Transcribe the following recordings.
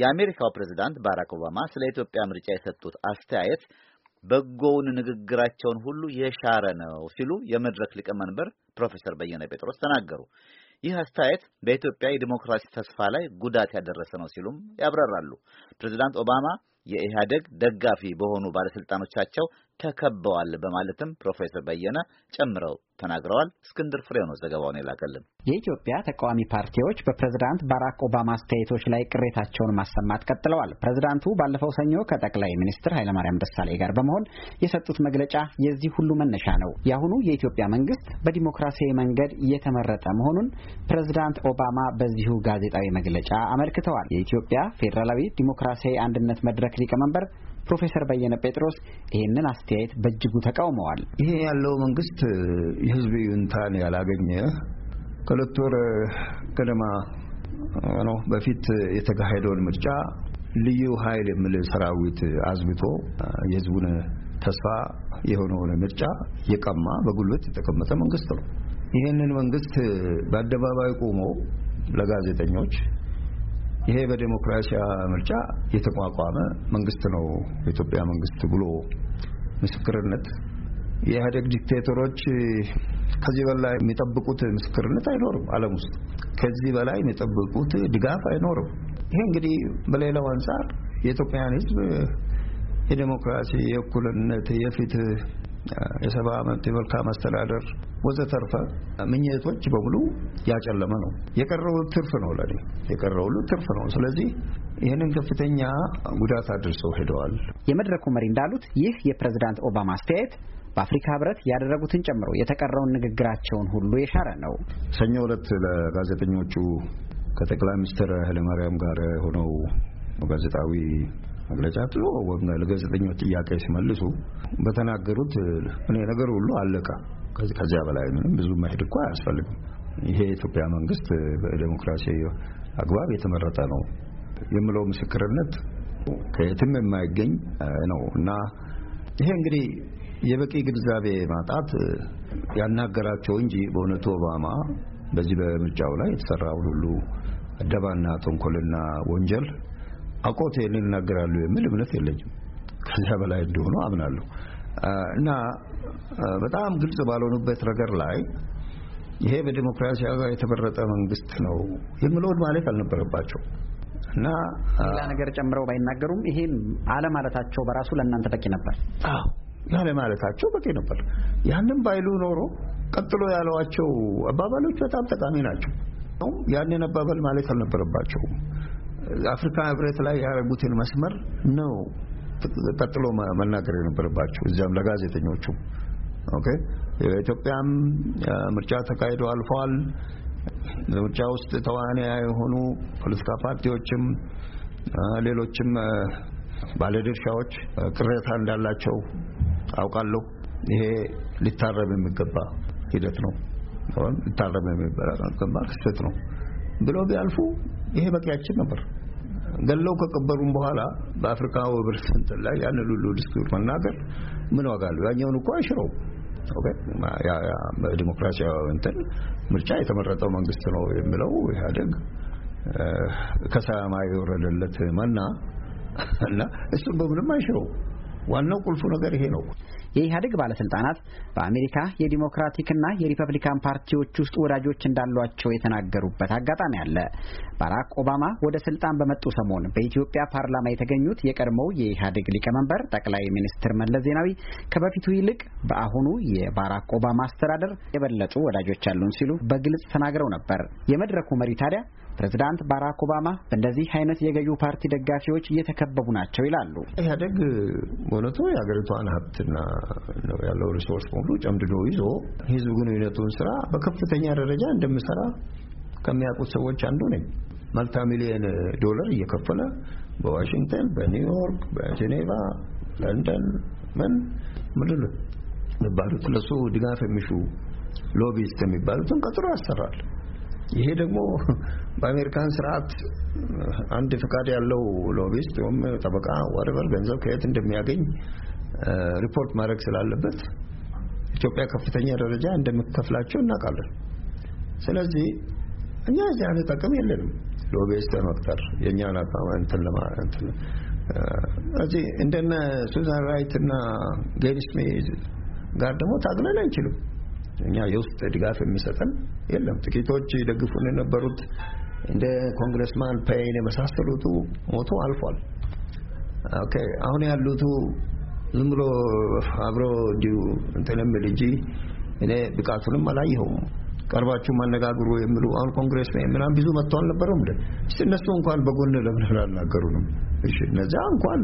የአሜሪካው ፕሬዝዳንት ባራክ ኦባማ ስለ ኢትዮጵያ ምርጫ የሰጡት አስተያየት በጎውን ንግግራቸውን ሁሉ የሻረ ነው ሲሉ የመድረክ ሊቀመንበር ፕሮፌሰር በየነ ጴጥሮስ ተናገሩ። ይህ አስተያየት በኢትዮጵያ የዲሞክራሲ ተስፋ ላይ ጉዳት ያደረሰ ነው ሲሉም ያብራራሉ። ፕሬዝዳንት ኦባማ የኢህአደግ ደጋፊ በሆኑ ባለስልጣኖቻቸው ተከበዋል በማለትም ፕሮፌሰር በየነ ጨምረው ተናግረዋል። እስክንድር ፍሬው ነው ዘገባውን የላከልን። የኢትዮጵያ ተቃዋሚ ፓርቲዎች በፕሬዝዳንት ባራክ ኦባማ አስተያየቶች ላይ ቅሬታቸውን ማሰማት ቀጥለዋል። ፕሬዝዳንቱ ባለፈው ሰኞ ከጠቅላይ ሚኒስትር ኃይለማርያም ደሳሌ ጋር በመሆን የሰጡት መግለጫ የዚህ ሁሉ መነሻ ነው። የአሁኑ የኢትዮጵያ መንግስት በዲሞክራሲያዊ መንገድ እየተመረጠ መሆኑን ፕሬዝዳንት ኦባማ በዚሁ ጋዜጣዊ መግለጫ አመልክተዋል። የኢትዮጵያ ፌዴራላዊ ዲሞክራሲያዊ አንድነት መድረክ ሊቀመንበር ፕሮፌሰር በየነ ጴጥሮስ ይህንን አስተያየት በእጅጉ ተቃውመዋል። ይሄ ያለው መንግስት የህዝብ ይሁንታን ያላገኘ ከሁለት ወር ገደማ ነው በፊት የተካሄደውን ምርጫ ልዩ ኃይል የሚል ሰራዊት አዝብቶ የህዝቡን ተስፋ የሆነውን ምርጫ የቀማ በጉልበት የተቀመጠ መንግስት ነው። ይህንን መንግስት በአደባባይ ቆሞ ለጋዜጠኞች ይሄ በዴሞክራሲያ ምርጫ የተቋቋመ መንግስት ነው የኢትዮጵያ መንግስት ብሎ ምስክርነት የኢህአዴግ ዲክቴተሮች ከዚህ በላይ የሚጠብቁት ምስክርነት አይኖርም። ዓለም ውስጥ ከዚህ በላይ የሚጠብቁት ድጋፍ አይኖርም። ይሄ እንግዲህ በሌላው አንጻር የኢትዮጵያን ሕዝብ የዴሞክራሲ፣ የእኩልነት፣ የፍትህ፣ የሰባ መብት፣ የመልካም አስተዳደር ወዘተርፈ ምኞቶች በሙሉ ያጨለመ ነው። የቀረው ትርፍ ነው፣ ለኔ የቀረው ትርፍ ነው። ስለዚህ ይህንን ከፍተኛ ጉዳት አድርሰው ሄደዋል። የመድረኩ መሪ እንዳሉት ይህ የፕሬዝዳንት ኦባማ አስተያየት በአፍሪካ ህብረት ያደረጉትን ጨምሮ የተቀረውን ንግግራቸውን ሁሉ የሻረ ነው። ሰኞ ዕለት ለጋዜጠኞቹ ከጠቅላይ ሚኒስትር ኃይለማርያም ጋር ሆነው ጋዜጣዊ መግለጫ ጥሎ ለጋዜጠኞች ጥያቄ ሲመልሱ በተናገሩት እኔ ነገር ሁሉ አለቀ። ከዚያ በላይ ምንም ብዙ መሄድ እኮ አያስፈልግም። ይሄ የኢትዮጵያ መንግስት በዲሞክራሲ አግባብ የተመረጠ ነው የምለው ምስክርነት ከየትም የማይገኝ ነው እና ይሄ እንግዲህ የበቂ ግንዛቤ ማጣት ያናገራቸው እንጂ በእውነቱ ኦባማ በዚህ በምርጫው ላይ የተሰራውን ሁሉ ደባና ተንኮልና ወንጀል አውቆት ይናገራሉ የሚል እምነት የለኝም። ከዚያ በላይ እንደሆኑ አምናለሁ እና በጣም ግልጽ ባልሆኑበት ነገር ላይ ይሄ በዲሞክራሲያ የተመረጠ መንግስት ነው የምለውን ማለት አልነበረባቸው። እና ሌላ ነገር ጨምረው ባይናገሩም ይሄም አለማለታቸው በራሱ ለእናንተ በቂ ነበር። አዎ ያለማለታቸው በቂ ነበር። ያንን ባይሉ ኖሮ ቀጥሎ ያለዋቸው አባባሎች በጣም ጠቃሚ ናቸው። ያንን አባባል ማለት አልነበረባቸውም። አፍሪካ ህብረት ላይ ያደረጉትን መስመር ነው ቀጥሎ መናገር የነበረባቸው እዚያም ለጋዜጠኞቹ ኦኬ የኢትዮጵያም ምርጫ ተካሂዶ አልፈዋል። ሩጫ ውስጥ ተዋንያ የሆኑ ፖለቲካ ፓርቲዎችም ሌሎችም ባለድርሻዎች ቅሬታ እንዳላቸው አውቃለሁ። ይሄ ሊታረም የሚገባ ሂደት ነው። ሊታረም የሚገባ ክስተት ነው ብሎ ቢያልፉ ይሄ በቂያችን ነበር። ገለው ከቀበሩም በኋላ በአፍሪካ ህብረት ላይ ያንን ሁሉ ዲስኩር መናገር ምን ዋጋ አለው? ያኛውን እኮ አይሽረውም። ዲሞክራሲያዊ እንትን ምርጫ የተመረጠው መንግስት ነው የሚለው ኢህአደግ ከሰማይ የወረደለት መና እና እሱም በምንም አይሽረው ዋናው ቁልፉ ነገር ይሄ ነው። የኢህአዴግ ባለስልጣናት በአሜሪካ የዲሞክራቲክና የሪፐብሊካን ፓርቲዎች ውስጥ ወዳጆች እንዳሏቸው የተናገሩበት አጋጣሚ አለ። ባራክ ኦባማ ወደ ስልጣን በመጡ ሰሞን በኢትዮጵያ ፓርላማ የተገኙት የቀድሞው የኢህአዴግ ሊቀመንበር ጠቅላይ ሚኒስትር መለስ ዜናዊ ከበፊቱ ይልቅ በአሁኑ የባራክ ኦባማ አስተዳደር የበለጡ ወዳጆች አሉን ሲሉ በግልጽ ተናግረው ነበር። የመድረኩ መሪ ታዲያ ፕሬዝዳንት ባራክ ኦባማ በእንደዚህ አይነት የገዢው ፓርቲ ደጋፊዎች እየተከበቡ ናቸው ይላሉ። ኢህአዴግ በእውነቱ የሀገሪቷን ሀብትና ነው ያለው ሪሶርስ በሙሉ ጨምድዶ ይዞ ህዝብ ግንኙነቱን ስራ በከፍተኛ ደረጃ እንደምሰራ ከሚያውቁት ሰዎች አንዱ ነኝ። መልታ ሚሊየን ዶላር እየከፈለ በዋሽንግተን፣ በኒውዮርክ፣ በጄኔቫ፣ ለንደን ምን ምድል የሚባሉት ለሱ ድጋፍ የሚሹ ሎቢስት የሚባሉትን ቀጥሮ ያሰራል። ይሄ ደግሞ በአሜሪካን ስርዓት አንድ ፍቃድ ያለው ሎቢስት ወይም ጠበቃ ወረበር ገንዘብ ከየት እንደሚያገኝ ሪፖርት ማድረግ ስላለበት ኢትዮጵያ ከፍተኛ ደረጃ እንደምትከፍላቸው እናውቃለን። ስለዚህ እኛ እዚህ አይነት አቅም የለንም። ሎቢስት ለመቅጠር የእኛን አቋም እንትን ለማንትን እዚህ እንደነ ሱዛን ራይት እና ጌሪ ስሚዝ ጋር ደግሞ ታግለን አንችልም። እኛ የውስጥ ድጋፍ የሚሰጠን የለም። ጥቂቶች ደግፉን የነበሩት እንደ ኮንግረስማን ፔይን የመሳሰሉቱ ሞቶ አልፏል። ኦኬ አሁን ያሉቱ ዝም ብሎ አብሮ እንዲሁ እንትን የሚል እንጂ እኔ ብቃቱንም አላየሁም። ቀርባችሁ ማነጋግሩ የሚሉ አሁን ኮንግረስ ላይ ምናምን ብዙ መጥቶ አልነበረም እንደ እስቲ እነሱ እንኳን በጎን ለምን ነው? እሺ እነዚያ እንኳን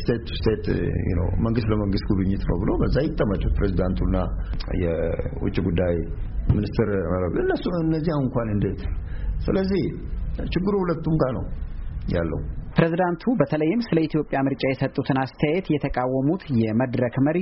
ስቴት ስቴት ዩ ኖ መንግስት ለመንግስት ጉብኝት ነው ብሎ በዛ ይጠመጡት ፕሬዚዳንቱና የውጭ ጉዳይ ሚኒስትር እነሱ እነዚያ እንኳን እንዴት ስለዚህ ችግሩ ሁለቱም ጋር ነው ያለው። ፕሬዝዳንቱ በተለይም ስለ ኢትዮጵያ ምርጫ የሰጡትን አስተያየት የተቃወሙት የመድረክ መሪ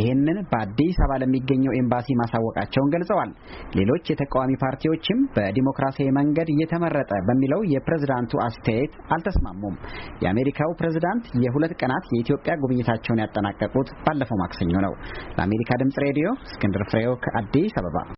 ይህንን በአዲስ አበባ ለሚገኘው ኤምባሲ ማሳወቃቸውን ገልጸዋል። ሌሎች የተቃዋሚ ፓርቲዎችም በዲሞክራሲያዊ መንገድ እየተመረጠ በሚለው የፕሬዝዳንቱ አስተያየት አልተስማሙም። የአሜሪካው ፕሬዝዳንት የሁለት ቀናት የኢትዮጵያ ጉብኝታቸውን ያጠናቀቁት ባለፈው ማክሰኞ ነው። ለአሜሪካ ድምጽ ሬዲዮ እስክንድር ፍሬው ከአዲስ አበባ